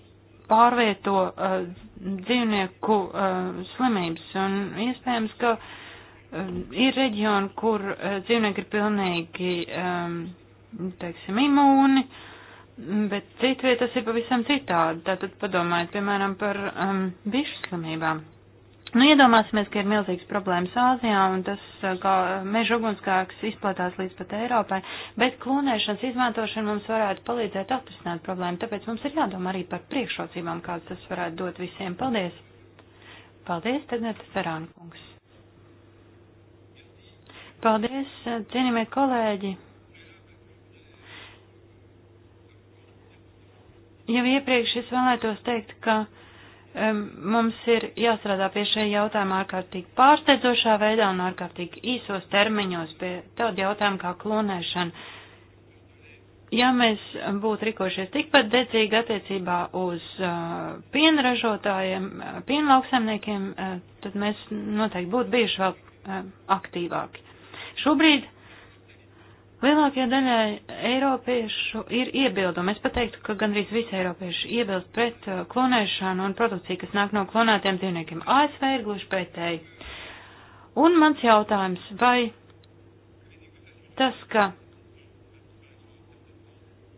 pārvieto uh, dzīvnieku uh, slimības. Un iespējams, ka uh, ir reģioni, kur uh, dzīvnieki ir pilnīgi, um, teiksim, imūni, bet citviet tas ir pavisam citādi. Tātad padomājiet, piemēram, par um, bišu slimībām. Nu, iedomāsimies, ka ir milzīgs problēmas Āzijā un tas, uh, kā meža ugunskāks izplatās līdz pat Eiropai, bet klonēšanas izmantošana mums varētu palīdzēt atrisināt problēmu, tāpēc mums ir jādomā arī par priekšrocībām, kādas tas varētu dot visiem. Paldies! Paldies, tagad Ferāna kungs. Paldies, uh, cienījamie kolēģi! Jau iepriekš es vēlētos teikt, ka mums ir jāstrādā pie šī jautājuma ārkārtīgi pārsteidzošā veidā un ārkārtīgi īsos termiņos pie tāda jautājuma kā klonēšana. Ja mēs būtu rikošies tikpat dedzīgi attiecībā uz uh, pienražotājiem, pienlauksemniekiem, uh, tad mēs noteikti būtu bijuši vēl uh, aktīvāki. Šobrīd Lielākajai daļai eiropiešu ir iebildumi. Es pateiktu, ka gandrīz visi eiropieši iebilst pret uh, klonēšanu un produkciju, kas nāk no klonētiem dzīvniekiem. ASV ir gluži pretēji. Un mans jautājums, vai tas, ka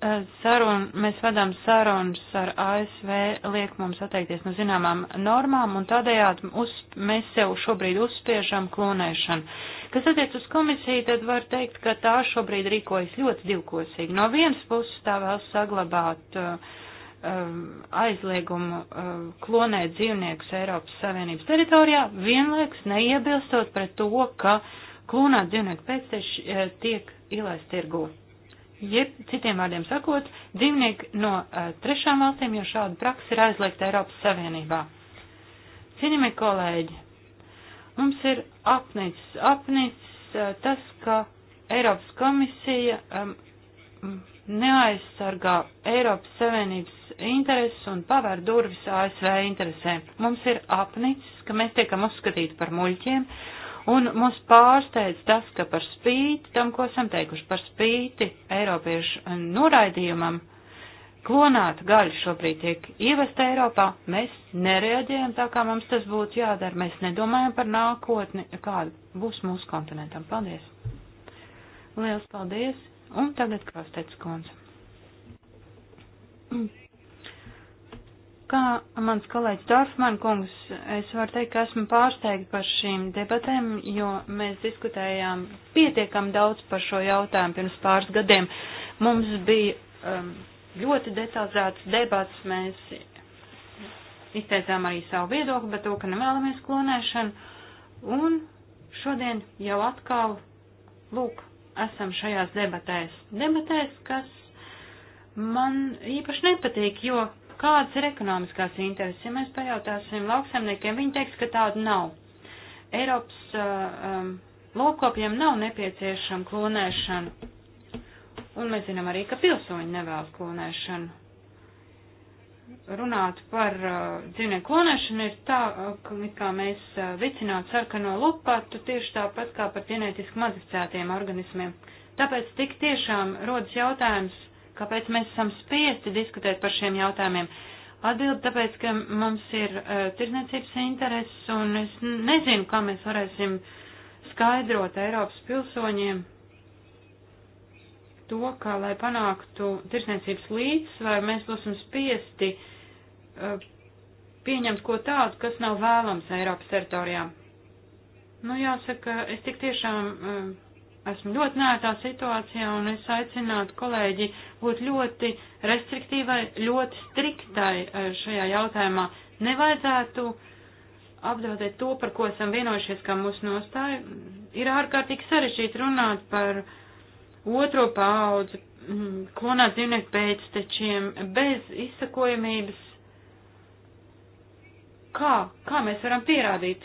uh, sarun, mēs vadām sarunas ar ASV, liek mums atteikties no zināmām normām, un tādējādi uz, mēs sev šobrīd uzspiežam klonēšanu. Kas attiec uz komisiju, tad var teikt, ka tā šobrīd rīkojas ļoti divkosīgi. No vienas puses tā vēl saglabāt uh, um, aizliegumu uh, klonēt dzīvniekus Eiropas Savienības teritorijā, vienlaiks neiebilstot pret to, ka klonēt dzīvnieku pēcteši uh, tiek ielaist tirgū. Jeb, citiem vārdiem sakot, dzīvnieki no uh, trešām valstīm, jo šāda praksa ir aizliegta Eiropas Savienībā. Cienījamie kolēģi, Mums ir apnicis, apnicis tas, ka Eiropas komisija um, neaizsargā Eiropas Savienības intereses un pavēr durvis ASV interesēm. Mums ir apnicis, ka mēs tiekam uzskatīti par muļķiem, un mūs pārsteidz tas, ka par spīti tam, ko esam teikuši, par spīti Eiropiešu noraidījumam, uh, klonēta gaļa šobrīd tiek ievesta Eiropā, mēs nereaģējam tā, kā mums tas būtu jādara. Mēs nedomājam par nākotni, kāda būs mūsu kontinentam. Paldies! Liels paldies! Un tagad Krastets kundz. Kā mans kolēģis Dorfman kungs, es varu teikt, ka esmu pārsteigta par šīm debatēm, jo mēs diskutējām pietiekam daudz par šo jautājumu pirms pāris gadiem. Mums bija um, ļoti detalizētas debats, mēs izteicām arī savu viedokli par to, ka nevēlamies klonēšanu, un šodien jau atkal, lūk, esam šajās debatēs. Debatēs, kas man īpaši nepatīk, jo kādas ir ekonomiskās intereses? Ja mēs pajautāsim lauksaimniekiem, viņi teiks, ka tāda nav. Eiropas uh, um, lopkopiem nav nepieciešama klonēšana. Un mēs zinām arī, ka pilsoņi nevēlas klonēšanu. Runāt par uh, dzīvnieku klonēšanu ir tā, ka, uh, kā mēs uh, vicinātu sarkano lupatu tieši tāpat kā par ģenētiski modificētiem organismiem. Tāpēc tik tiešām rodas jautājums, kāpēc mēs esam spiesti diskutēt par šiem jautājumiem. Atbildi tāpēc, ka mums ir uh, tirzniecības intereses, un es nezinu, kā mēs varēsim skaidrot Eiropas pilsoņiem, to, ka, lai panāktu tirsniecības līdzsvaru, mēs būsim spiesti uh, pieņemt ko tādu, kas nav vēlams Eiropas teritorijā. Nu, jāsaka, es tik tiešām uh, esmu ļoti nētā situācijā un es aicinātu kolēģi būt ļoti restriktīvai, ļoti striktai uh, šajā jautājumā. Nevajadzētu apdraudēt to, par ko esam vienojušies, kā mūsu nostāja. Ir ārkārtīgi sarežģīti runāt par uh, otro paudzi mm, klonēt dzīvnieku pēctečiem bez izsakojamības. Kā? Kā mēs varam pierādīt?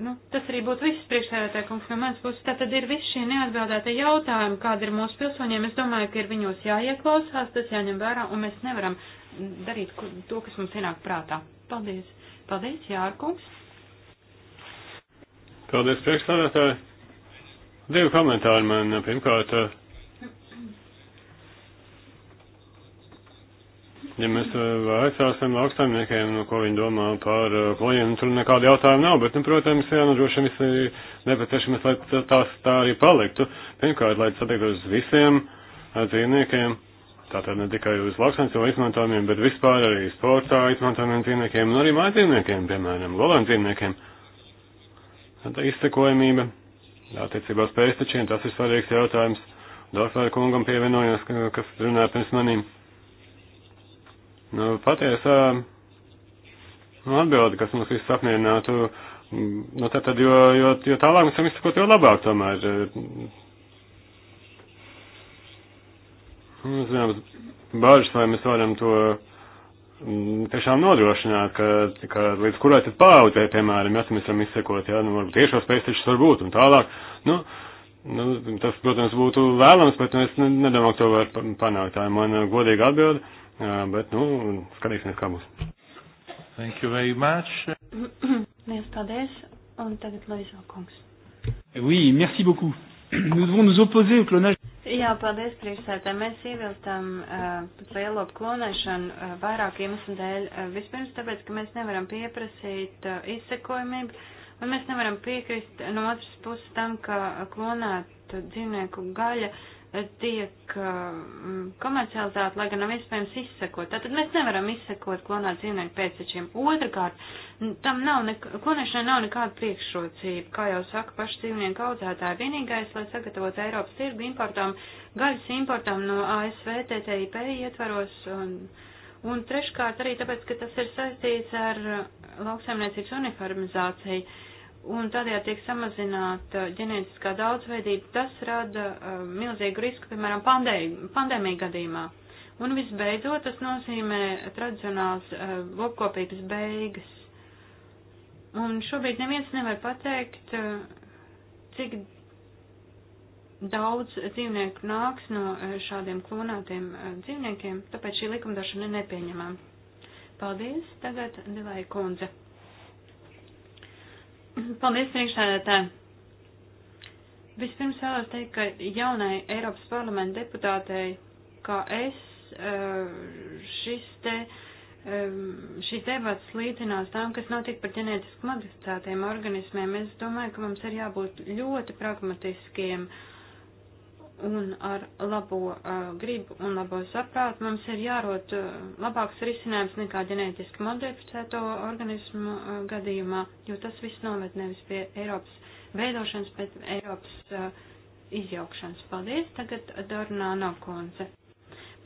Nu, tas arī būtu viss priekšsēdētāja kungs no manas puses. Tātad ir visi šie neatbildētie jautājumi, kāda ir mūsu pilsoņiem. Es domāju, ka ir viņos jāieklausās, tas jāņem vērā, un mēs nevaram darīt to, kas mums ienāk prātā. Paldies. Paldies, Jārkungs. Paldies, priekšsēdētāji. Divi komentāri man eh, pirmkārt. Eh, ja mēs eh, vaicāsim lauksaimniekiem, no nu, ko viņi domā par klajiem, tur nekāda jautājuma nav, bet, nu, protams, jā, nu, droši vien ir nepieciešams, lai tās tā arī paliktu. Pirmkārt, lai satiektos uz visiem dzīvniekiem, tātad ne tikai uz lauksaimniecību izmantojumiem, bet vispār arī sportā izmantojumiem dzīvniekiem un arī mājdzīvniekiem, piemēram, lovēm dzīvniekiem. Tā izsekojamība attiecībā uz pēstečiem, tas ir svarīgs jautājums. Dārsvāra kungam pievienojos, kas runāja pirms manīm. Nu, patiesā nu, atbildi, kas mums visus apmierinātu, mm, nu, tad, tad jo, jo, jo tālāk mēs varam izsakot, jo labāk tomēr. Eh, nu, zināms, bažas, vai mēs varam to Mm, tiešām nodrošināt, ka, ka līdz kurai tad paudzē, piemēram, ja mēs varam izsekot, jā, nu, varbūt tiešos pēctečus var būt un tālāk, nu, nu, tas, protams, būtu vēlams, bet nu, es nedomāju, ka to var panākt. Tā ir mana godīga atbilde, bet, nu, skatīsimies, kā būs. Thank you very much. Mēs paldies, un tagad Loizo kungs. Oui, merci beaucoup. Nous devons nous opposer au clonage. Jā, paldies, priekšsētā. Mēs ieviltam uh, eh, lielopu klonēšanu uh, vairāk iemeslu dēļ. Uh, vispirms tāpēc, ka mēs nevaram pieprasīt uh, izsekojumību, un mēs nevaram piekrist no otras puses tam, ka klonētu dzīvnieku gaļa uh, tiek um, komercializēta, lai gan nav iespējams izsekot. Tātad mēs nevaram izsekot klonēt dzīvnieku pēctečiem. Otrakārt, tam nav, nek klonēšanai nav nekāda priekšrocība, kā jau saka paši dzīvnieku audzētāji. Vienīgais, lai sagatavotu Eiropas tirgu importam, gaļas importam no ASV TTIP ietvaros, un, un treškārt arī tāpēc, ka tas ir saistīts ar uh, lauksaimniecības uniformizāciju un tādējādi tiek samazināta uh, ģenētiskā daudzveidība, tas rada uh, milzīgu risku, piemēram, pandēmija gadījumā. Un visbeidzot, tas nozīmē tradicionāls uh, lopkopības beigas. Un šobrīd neviens nevar pateikt, uh, cik daudz dzīvnieku nāks no uh, šādiem klonētiem uh, dzīvniekiem, tāpēc šī likumdošana ir nepieņemama. Paldies, tagad Dilai Kundze. Paldies, priekšsēdētāji! Vispirms vēlos teikt, ka jaunai Eiropas parlamenta deputātei, kā es, eh, šis te, eh, šīs debats līdzinās tām, kas notiek par ģenētiski modificētiem organismiem. Es domāju, ka mums ir jābūt ļoti pragmatiskiem. Uh, un ar labo uh, gribu un labo saprātu mums ir jārot uh, labāks risinājums nekā ģenētiski modificēto organismu uh, gadījumā, jo tas viss noved nevis pie Eiropas veidošanas, bet Eiropas uh, izjaukšanas. Paldies, tagad Dornā Nakonce.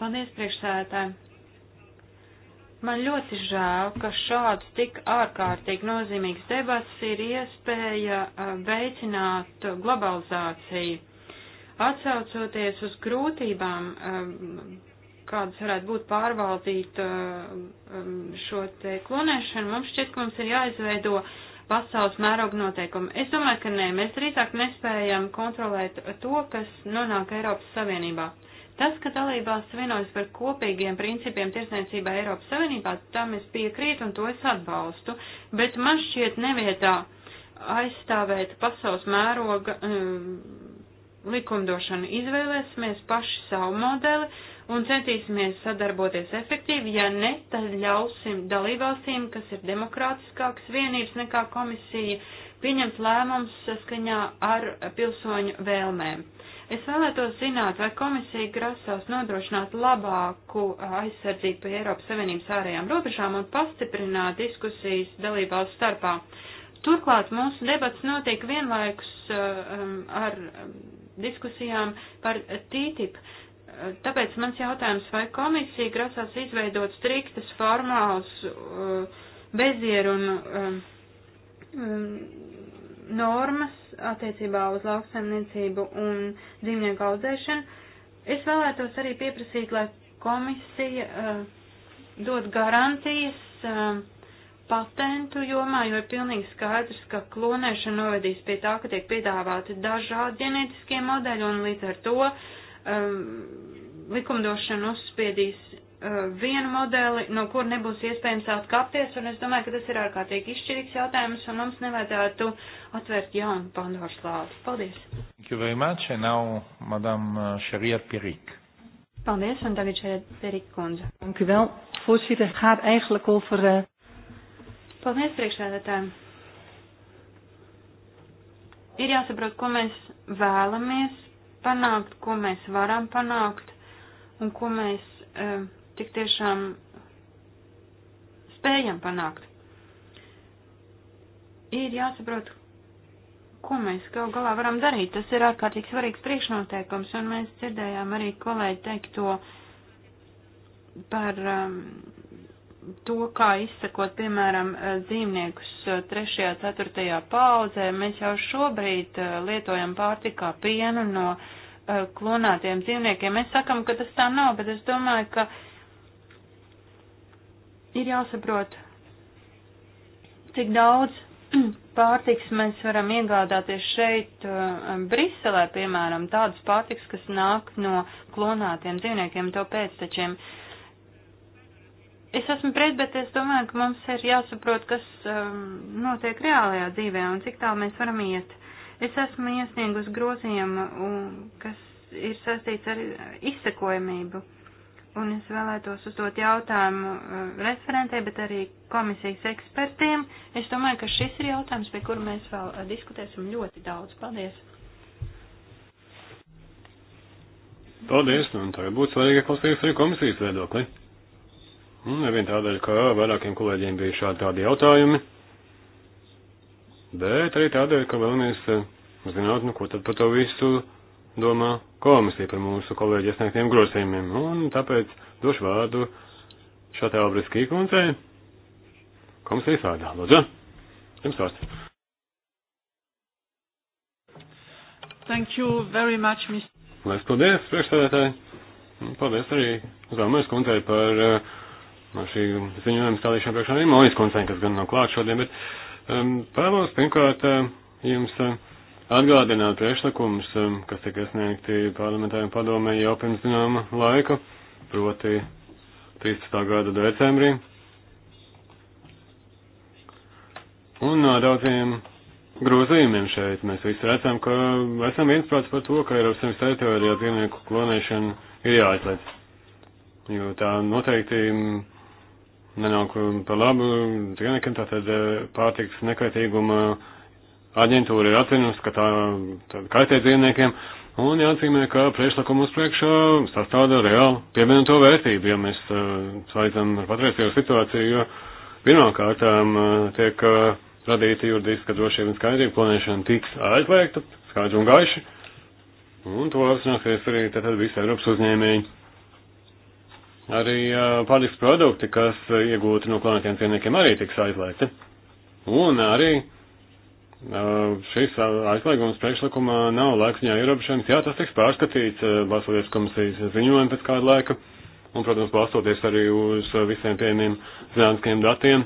Paldies, priekšsēdētāji. Man ļoti žēl, ka šāds tik ārkārtīgi nozīmīgs debats ir iespēja uh, veicināt globalizāciju Atsaucoties uz grūtībām, um, kādas varētu būt pārvaldīt um, um, šo te klonēšanu, mums šķiet, ka mums ir jāizveido pasaules mēroga noteikumi. Es domāju, ka nē, mēs drīzāk nespējam kontrolēt to, kas nonāk Eiropas Savienībā. Tas, ka dalībās vienojas par kopīgiem principiem tirsniecībā Eiropas Savienībā, tam es piekrītu un to es atbalstu, bet man šķiet nevietā aizstāvēt pasaules mēroga um, likumdošanu izvēlēsimies paši savu modeli un centīsimies sadarboties efektīvi, ja ne, tad ļausim dalībvalstīm, kas ir demokrātiskākas vienības nekā komisija, pieņemt lēmums saskaņā ar pilsoņu vēlmēm. Es vēlētos zināt, vai komisija grasās nodrošināt labāku aizsardzību pie Eiropas Savienības ārējām robežām un pastiprināt diskusijas dalībvalstu starpā. Turklāt mūsu debats notiek vienlaikus uh, um, ar um, diskusijām par TTIP. Tāpēc mans jautājums, vai komisija grasās izveidot striktas formāls uh, bezierunu um, um, normas attiecībā uz lauksaimniecību un dzīvnieku audzēšanu. Es vēlētos arī pieprasīt, lai komisija uh, dod garantijas um, patentu jomā, jo ir pilnīgi skaidrs, ka klonēšana novedīs pie tā, ka tiek piedāvāti dažādi ģenētiskie modeļi un līdz ar to um, likumdošana uzspiedīs uh, vienu modeli, no kur nebūs iespējams atkāpties, un es domāju, ka tas ir ārkārtīgi izšķirīgs jautājums, un mums nevajadzētu atvērt jaunu Pandoras lādi. Paldies! Thank you very much, and now Madame uh, Sharia Pirik. Paldies, un tagad Sharia Pirik kundze. Dank u wel. Voorzitter, het gaat eigenlijk over... Uh... Paldies priekšsēdētājiem. Ir jāsaprot, ko mēs vēlamies panākt, ko mēs varam panākt un ko mēs uh, tik tiešām spējam panākt. Ir jāsaprot, ko mēs gal galā varam darīt. Tas ir ārkārtīgi svarīgs priekšnoteikums, un mēs dzirdējām arī kolēģi teikt to par um, to, kā izsakot, piemēram, eh, dzīvniekus eh, trešajā, ceturtajā paudzē, mēs jau šobrīd eh, lietojam pārtikā pienu no klonētiem dzīvniekiem. Mēs sakam, ka tas tā nav, bet es domāju, ka ir jāsaprot, cik daudz pārtiks mēs varam iegādāties šeit, Briselē, piemēram, tādas pārtiks, kas nāk no klonētiem dzīvniekiem, to pēctečiem. Uh, es esmu pret, bet es domāju, ka mums ir jāsaprot, kas um, notiek reālajā dzīvē un cik tālu mēs varam iet. Es esmu iesniegus grozījumu, kas ir saistīts ar izsekojamību. Un es vēlētos uzdot jautājumu uh, referentē, bet arī komisijas ekspertiem. Es domāju, ka šis ir jautājums, pie kura mēs vēl uh, diskutēsim ļoti daudz. Paldies! Paldies, un tagad būtu svarīgi klausīties arī komisijas viedokli. Un nu, nevien tādēļ, ka vairākiem kolēģiem bija šādi tādi jautājumi, bet arī tādēļ, ka vēlamies eh, zināt, nu, ko tad par to visu domā komisija par mūsu kolēģi iesniegtiem grozījumiem. Un tāpēc došu vārdu šādā Albriskī kundzei. Komisijas vārdā, lūdzu. Jums vārds. Thank you very much, Mr. Lai paldies, priekšstādātāji. Paldies arī Zalmērs kundzei par uh, no šī ziņojuma stādīšana priekšā arī Mojas koncēni, kas gan nav klāt šodien, bet um, vēlos pirmkārt uh, jums uh, atgādināt priekšlikumus, um, kas tika iesniegti parlamentāriem padomē jau pirms zināma laika, proti 13. gada decembrī. Un no uh, daudziem grozījumiem šeit mēs visi redzam, ka esam viensprāts par to, ka Eiropas Savienības teritorijā dzīvnieku klonēšana ir jāaizliedz. Jo tā noteikti nenāk par labu dzīvniekiem, tātad eh, pārtiks nekaitīguma aģentūra ir atzinusi, ka tā, tā kaitē dzīvniekiem, un jāatzīmē, ka priekšlikumu uz priekšā sastāda reāli pievienoto vērtību, ja mēs uh, eh, saistām ar patreizējo situāciju, jo pirmkārtām uh, tiek uh, radīta juridiska drošība un skaidrība, klonēšana tiks aizliegta, skaidri un gaiši, un to apzināsies arī tātad visi Eiropas uzņēmēji. Arī pārtiks produkti, kas iegūti no klonētiem cienniekiem, arī tiks aizliegti. Un arī šis aizliegums priekšlikumā nav laiksņā ierobežojums. Jā, tas tiks pārskatīts balsoties komisijas ziņojumu pēc kāda laika. Un, protams, balstoties arī uz visiem pieejamiem zinātniskiem datiem.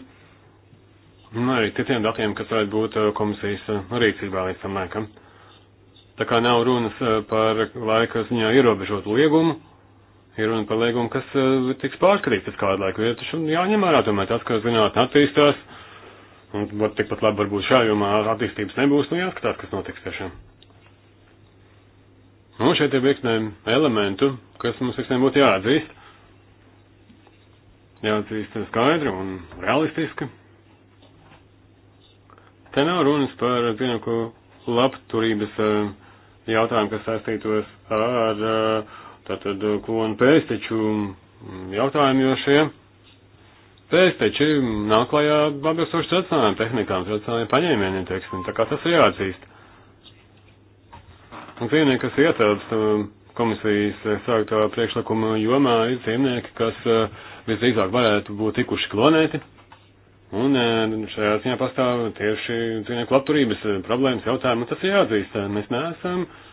Un arī citiem datiem, kas varētu būt komisijas rīcībā līdz tam laikam. Tā kā nav runas par laika ziņā ierobežotu liegumu, ir runa par līgumu, kas uh, tiks pārskatīts pēc kādu laiku. Ir taču jāņem vērā tomēr tas, ka zinātne attīstās, un var tikpat labi varbūt šajā jomā attīstības nebūs, nu jāskatās, kas notiks tiešām. Nu, šeit ir virknē elementu, kas mums visiem būtu jāatzīst. Jāatzīst skaidri un realistiski. Te nav runas par dzīvnieku labturības eh, jautājumu, kas saistītos ar uh, Tātad eh, klonu pēsteču mm, jautājumi jau šie. Pēsteči nāk klajā atbilstoši secinājumu tehnikām, secinājumu paņēmieniem, teiksim, tā kā tas ir jāatzīst. Un dzīvnieki, kas ietilpst eh, komisijas eh, sāktā priekšlikuma jomā, ir dzīvnieki, kas visdrīzāk varētu būt tikuši klonēti. Un šajā ziņā pastāv tieši dzīvnieku labturības problēmas jautājumi, un tas ir jāatzīst. Mēs neesam. Uh,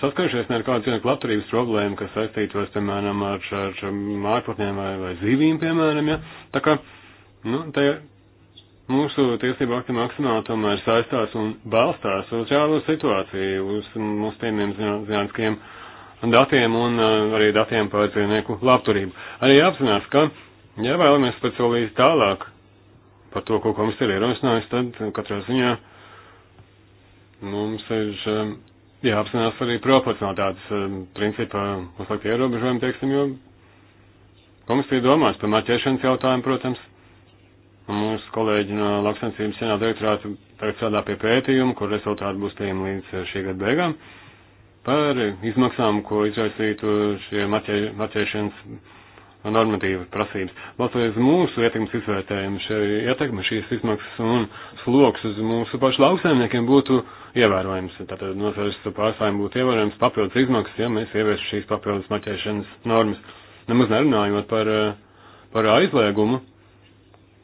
saskaršies ar kādu cilvēku labturības problēmu, kas saistītos, piemēram, ar, ar mārputniem vai, vai zivīm, piemēram, ja. Tā kā, nu, te mūsu tiesību akti maksimāli tomēr saistās un balstās uz reālo situāciju, uz mūsu piemiem zinātniskiem datiem un uh, arī datiem par dzīvnieku labturību. Arī jāapzinās, ka, ja vēlamies pēc solīt tālāk par to, ko komisija ir ierosinājusi, tad katrā ziņā mums ir. Um, jāapsinās arī proporcionātātes um, principā uzlikt ierobežojumu, teiksim, jo komisija domās par marķēšanas jautājumu, protams. Un mūsu kolēģi no lauksensības senā direktorāta tagad strādā pie pētījuma, kur rezultāti būs pieejami līdz uh, šī gada beigām, par izmaksām, ko izraisītu šie marķēšanas normatīvas prasības. Balstoties mūsu ietekmes izvērtējumu, šie ietekme, šīs izmaksas un sloks uz mūsu pašu lauksaimniekiem būtu ievērojams. Tātad nozares pārstāvjiem būtu ievērojams papildus izmaksas, ja mēs ieviešu šīs papildus maķēšanas normas. Nemaz nerunājot par, eh, par aizliegumu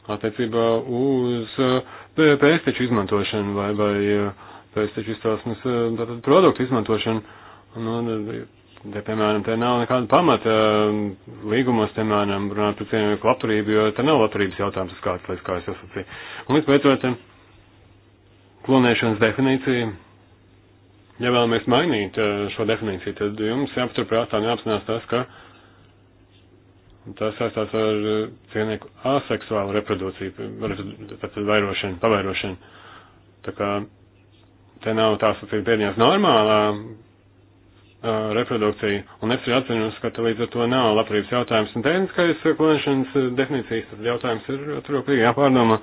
attiecībā uz eh, pēsteču izmantošanu vai, vai eh, pēsteču izcelsmes produktu izmantošanu. Nu, Te, piemēram, te nav nekāda pamata eh, līgumos, piemēram, runāt par cienīgu labturību, jo te nav labturības jautājums, uz kāds, līdz kā es sasacīju. Un visbeidzot, klonēšanas definīcija. Ja vēlamies mainīt eh, šo definīciju, tad jums jāpaturprātā neapzinās tas, ka tas saistās ar eh, cienīgu aseksuālu reprodukciju, tātad vairošanu, pavairošanu. Tā kā te nav tā sacīt pēdējās normālā reprodukciju. Un es ir atceros, ka līdz ar to nav labprības jautājums. Un tehniskais klonēšanas definīcijas tas jautājums ir turpīgi jāpārdomā.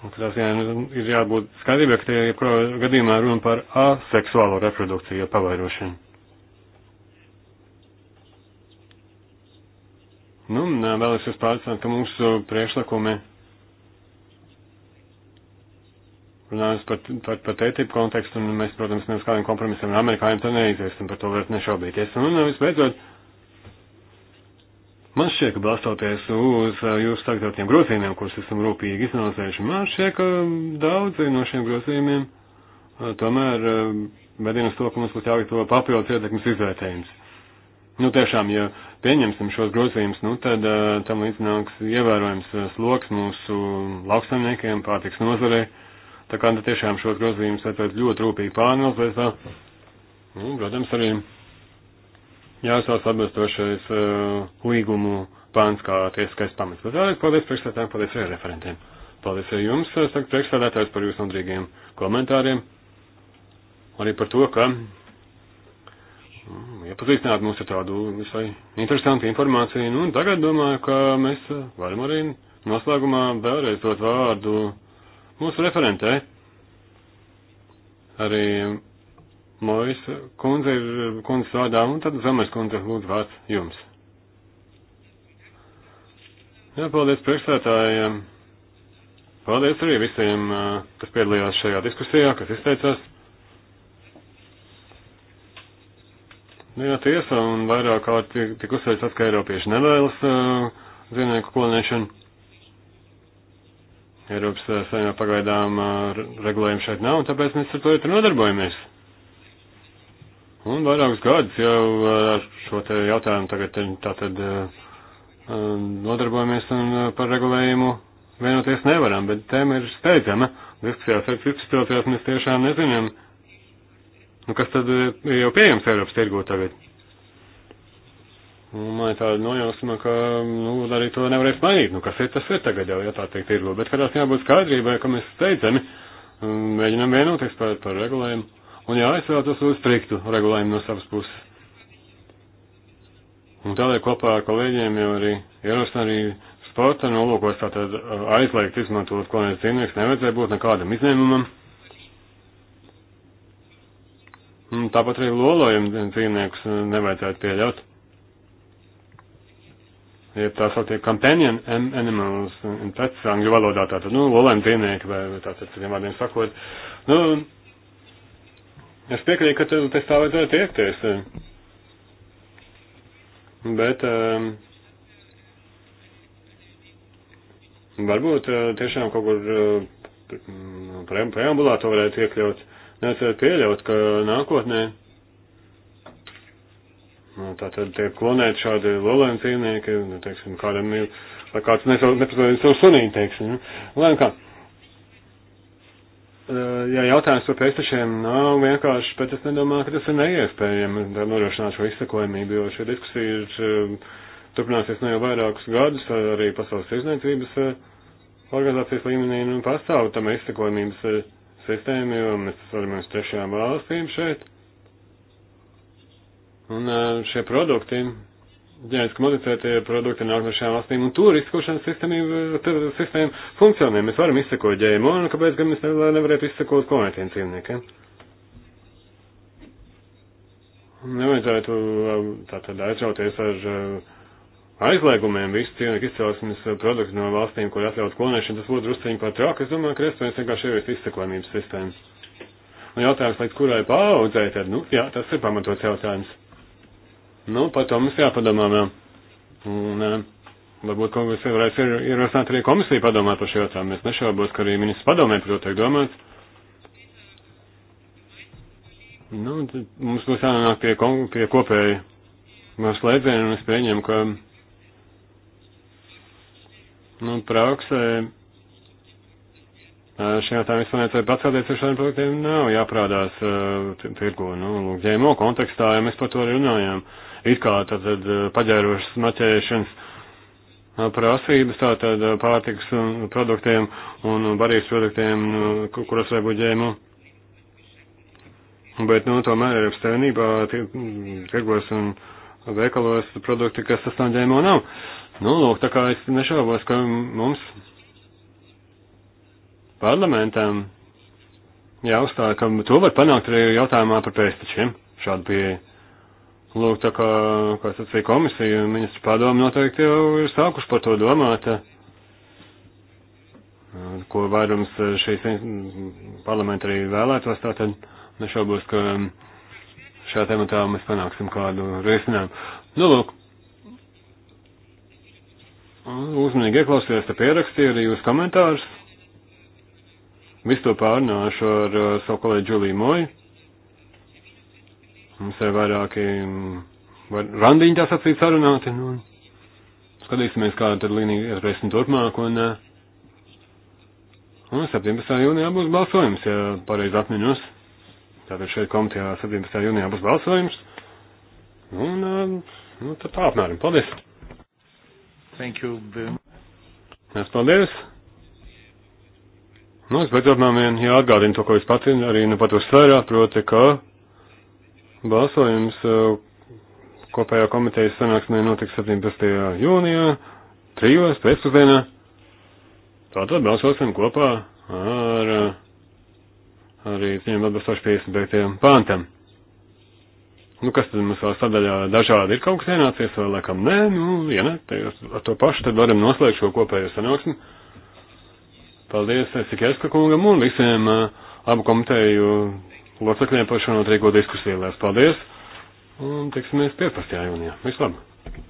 Un, tas jā, nu, ir jābūt skaidrībai, ka tie ir gadījumā runa par aseksuālo reprodukciju pavairošanu. Nu, un vēl es jūs pārliecinātu, ka mūsu priekšlikumi runājums par, par, par tētību kontekstu, un mēs, protams, ne uz kādiem kompromisiem ar amerikāņiem to neiziesim, par to varat nešaubīties. Un, un visbeidzot, man šķiet, ka balstoties uz uh, jūsu sagatavotiem grozījumiem, kurus esam rūpīgi izanalizējuši, man šķiet, ka daudzi no šiem grozījumiem uh, tomēr uh, vedina uz to, ka mums būtu jāgatavo papildus ietekmes izvērtējums. Nu, tiešām, ja pieņemsim šos grozījumus, nu, tad uh, tam līdz nāks ievērojams sloks mūsu lauksaimniekiem, pārtiks nozarei. Uh, Tā kā tiešām šos grozījumus vajadzētu ļoti rūpīgi pāranalizēt. Nu, protams, arī jāsās atbilstošais uh, līgumu pāns kā tiesiskais pamats. Bet vēlreiz paldies priekšsētājiem, paldies arī referentiem. Paldies arī jums, uh, saka priekšsēdētājs, par jūsu nodrīgiem komentāriem. Arī par to, ka mm, iepazīstināt mūs ar tādu visai interesantu informāciju. Nu, tagad domāju, ka mēs varam arī noslēgumā vēlreiz dot vārdu Mūsu referentē arī Mojas kundze ir kundzes vārdā, un tad Zemes kundze lūdzu vārds jums. Jā, paldies priekšsētājiem. Paldies arī visiem, kas piedalījās šajā diskusijā, kas izteicās. Nu jā, tiesa, un vairāk kārt tik uzsvērts, ka Eiropieši nevēlas uh, dzīvnieku kolonēšanu. Eiropas eh, saimē pagaidām eh, regulējumu šeit nav, un tāpēc mēs ar to ir nodarbojamies. Un vairākus gadus jau eh, ar šo te jautājumu tagad tātad nodarbojamies un par regulējumu vienoties nevaram, bet tēma ir steidzama. Diskusijās ar citu situācijās mēs tiešām nezinām, nu kas tad jau pieejams Eiropas tirgū tagad. Man ir tāda nojausma, ka, nu, arī to nevarēs mainīt. Nu, kas ir tas ir tagad jau, ja tā teikt, ir. Bet kādās jābūt skaidrībai, ka mēs steidzami um, mēģinām vienoties par, par regulējumu. Un jā, es vēlētos uz striktu regulējumu no savas puses. Un tādēļ kopā ar kolēģiem jau arī ierosina arī sporta nolūkos tātad uh, aizliegt izmantot klonētas dzīvnieks, nevajadzēja būt nekādam izņēmumam. Un tāpat arī lolojam dzīvniekus uh, nevajadzētu pieļaut jeb tā sauktie companion animals, un pēc angļu valodā tātad, nu, olēm dzīvnieki, vai tātad, citiem vārdiem sakot. Nu, es piekrītu, ka pēc tā vajadzētu iekties. Bet, um, varbūt uh, tiešām kaut kur uh, preambulā to varētu iekļaut. Nevarētu pieļaut, ka nākotnē. Nu, tātad tiek klonēti šādi lolēni dzīvnieki, nu, teiksim, kādam ir, lai kāds nepazudītu savu sunīti, teiksim. Nu, lai kā. Ja jautājums par pēstašiem nav vienkārši, bet es nedomāju, ka tas ir neiespējami nodrošināt šo izsakojamību, jo šī diskusija ir turpināsies ne nu jau vairākus gadus, arī pasaules tirzniecības organizācijas līmenī, nu, pastāv tam izsakojamības sistēma, jo mēs varam uz trešajām valstīm šeit. Un šie produkti, ģenētiski modificētie produkti nāk no šām valstīm, un tur izsakošanas sistēma funkcionē. Mēs varam izsakot ģēmo, un kāpēc gan mēs nevarētu izsakot klonētiem dzīvniekiem? Nevajadzētu tātad aizrauties ar aizliegumiem visu dzīvnieku izcelsmes produktu no valstīm, kur atļaut klonēšanu, tas būtu drusciņi par trāk. Es domāju, ka restorāns vienkārši ievies izsakojamības sistēmas. Un jautājums, līdz kurai paaudzē, tad, nu, jā, tas ir pamatots jautājums. Nu, par to mums jāpadomā vēl. Un, eh, varbūt kongress varēs ierosināt arī komisiju padomāt par šo jautājumu. Es nešaubos, ka arī ministrs padomē par to tiek domāts. Nu, mums būs jānonāk pie, kom, pie kopēja mūsu lēdzienu, un es pieņemu, ka, nu, praksē eh, šajā tā vispār pacelties ar šādiem produktiem nav jāprādās uh, tirgu. Nu, lūk, ģēmo kontekstā, ja mēs par to arī runājām. Uh, it kā tātad eh, paģērošas maķēšanas eh, prasības tātad eh, pārtiks produktiem un barības produktiem, kuras vajag būt ģēmu. Bet, nu, tomēr Eiropas Savienībā mm, tirgos un veikalos produkti, kas sastāv ģēmo nav. Nu, lūk, tā kā es nešaubos, ka mums parlamentam jāuzstāja, ka to var panākt arī jautājumā par pēstačiem šādu pieeju. Lūk, tā kā, kā sacīja komisija, ministra padomu noteikti jau ir sākuši par to domāt, ko vairums šīs parlamenta arī vēlētos, tātad nešaubos, ka šajā tematā mēs panāksim kādu risinājumu. Nu, lūk, uzmanīgi ieklausījos, te pierakstīju arī jūs komentārus. Visu to pārnāšu ar uh, savu kolēģi Džuliju Moju. Mums ir vairāki mm, var, randiņi tā sacīt sarunāti. Nu, skatīsimies, kāda tad līnija ir resni turpmāk. Un, eh, un 17. jūnijā būs balsojums, ja pareizi atminos. Tātad šeit komitejā 17. jūnijā būs balsojums. Un, eh, nu, tad tā apmēram. Paldies! Thank you very much. Es paldies. Nu, es beidzot man vien jāatgādina to, ko es pats arī nu pat uzsvērā, proti, ka Balsojums uh, kopējā komitejas sanāksmē notiks 17. jūnijā, 3. pēcpusdienā. Tātad balsosim kopā ar uh, arī ziņām atbilstoši 55. pāntam. Nu, kas tad mums vēl sadaļā dažādi ir kaut kas ienācies, vai laikam nē, nu, ja ne, ar to pašu tad varam noslēgt šo kopējo sanāksmi. Paldies Sikerska kungam un visiem uh, abu komiteju locekļiem par šo notrīko diskusiju. Lielas paldies! Un tiksimies 15. jūnijā. Vislabāk!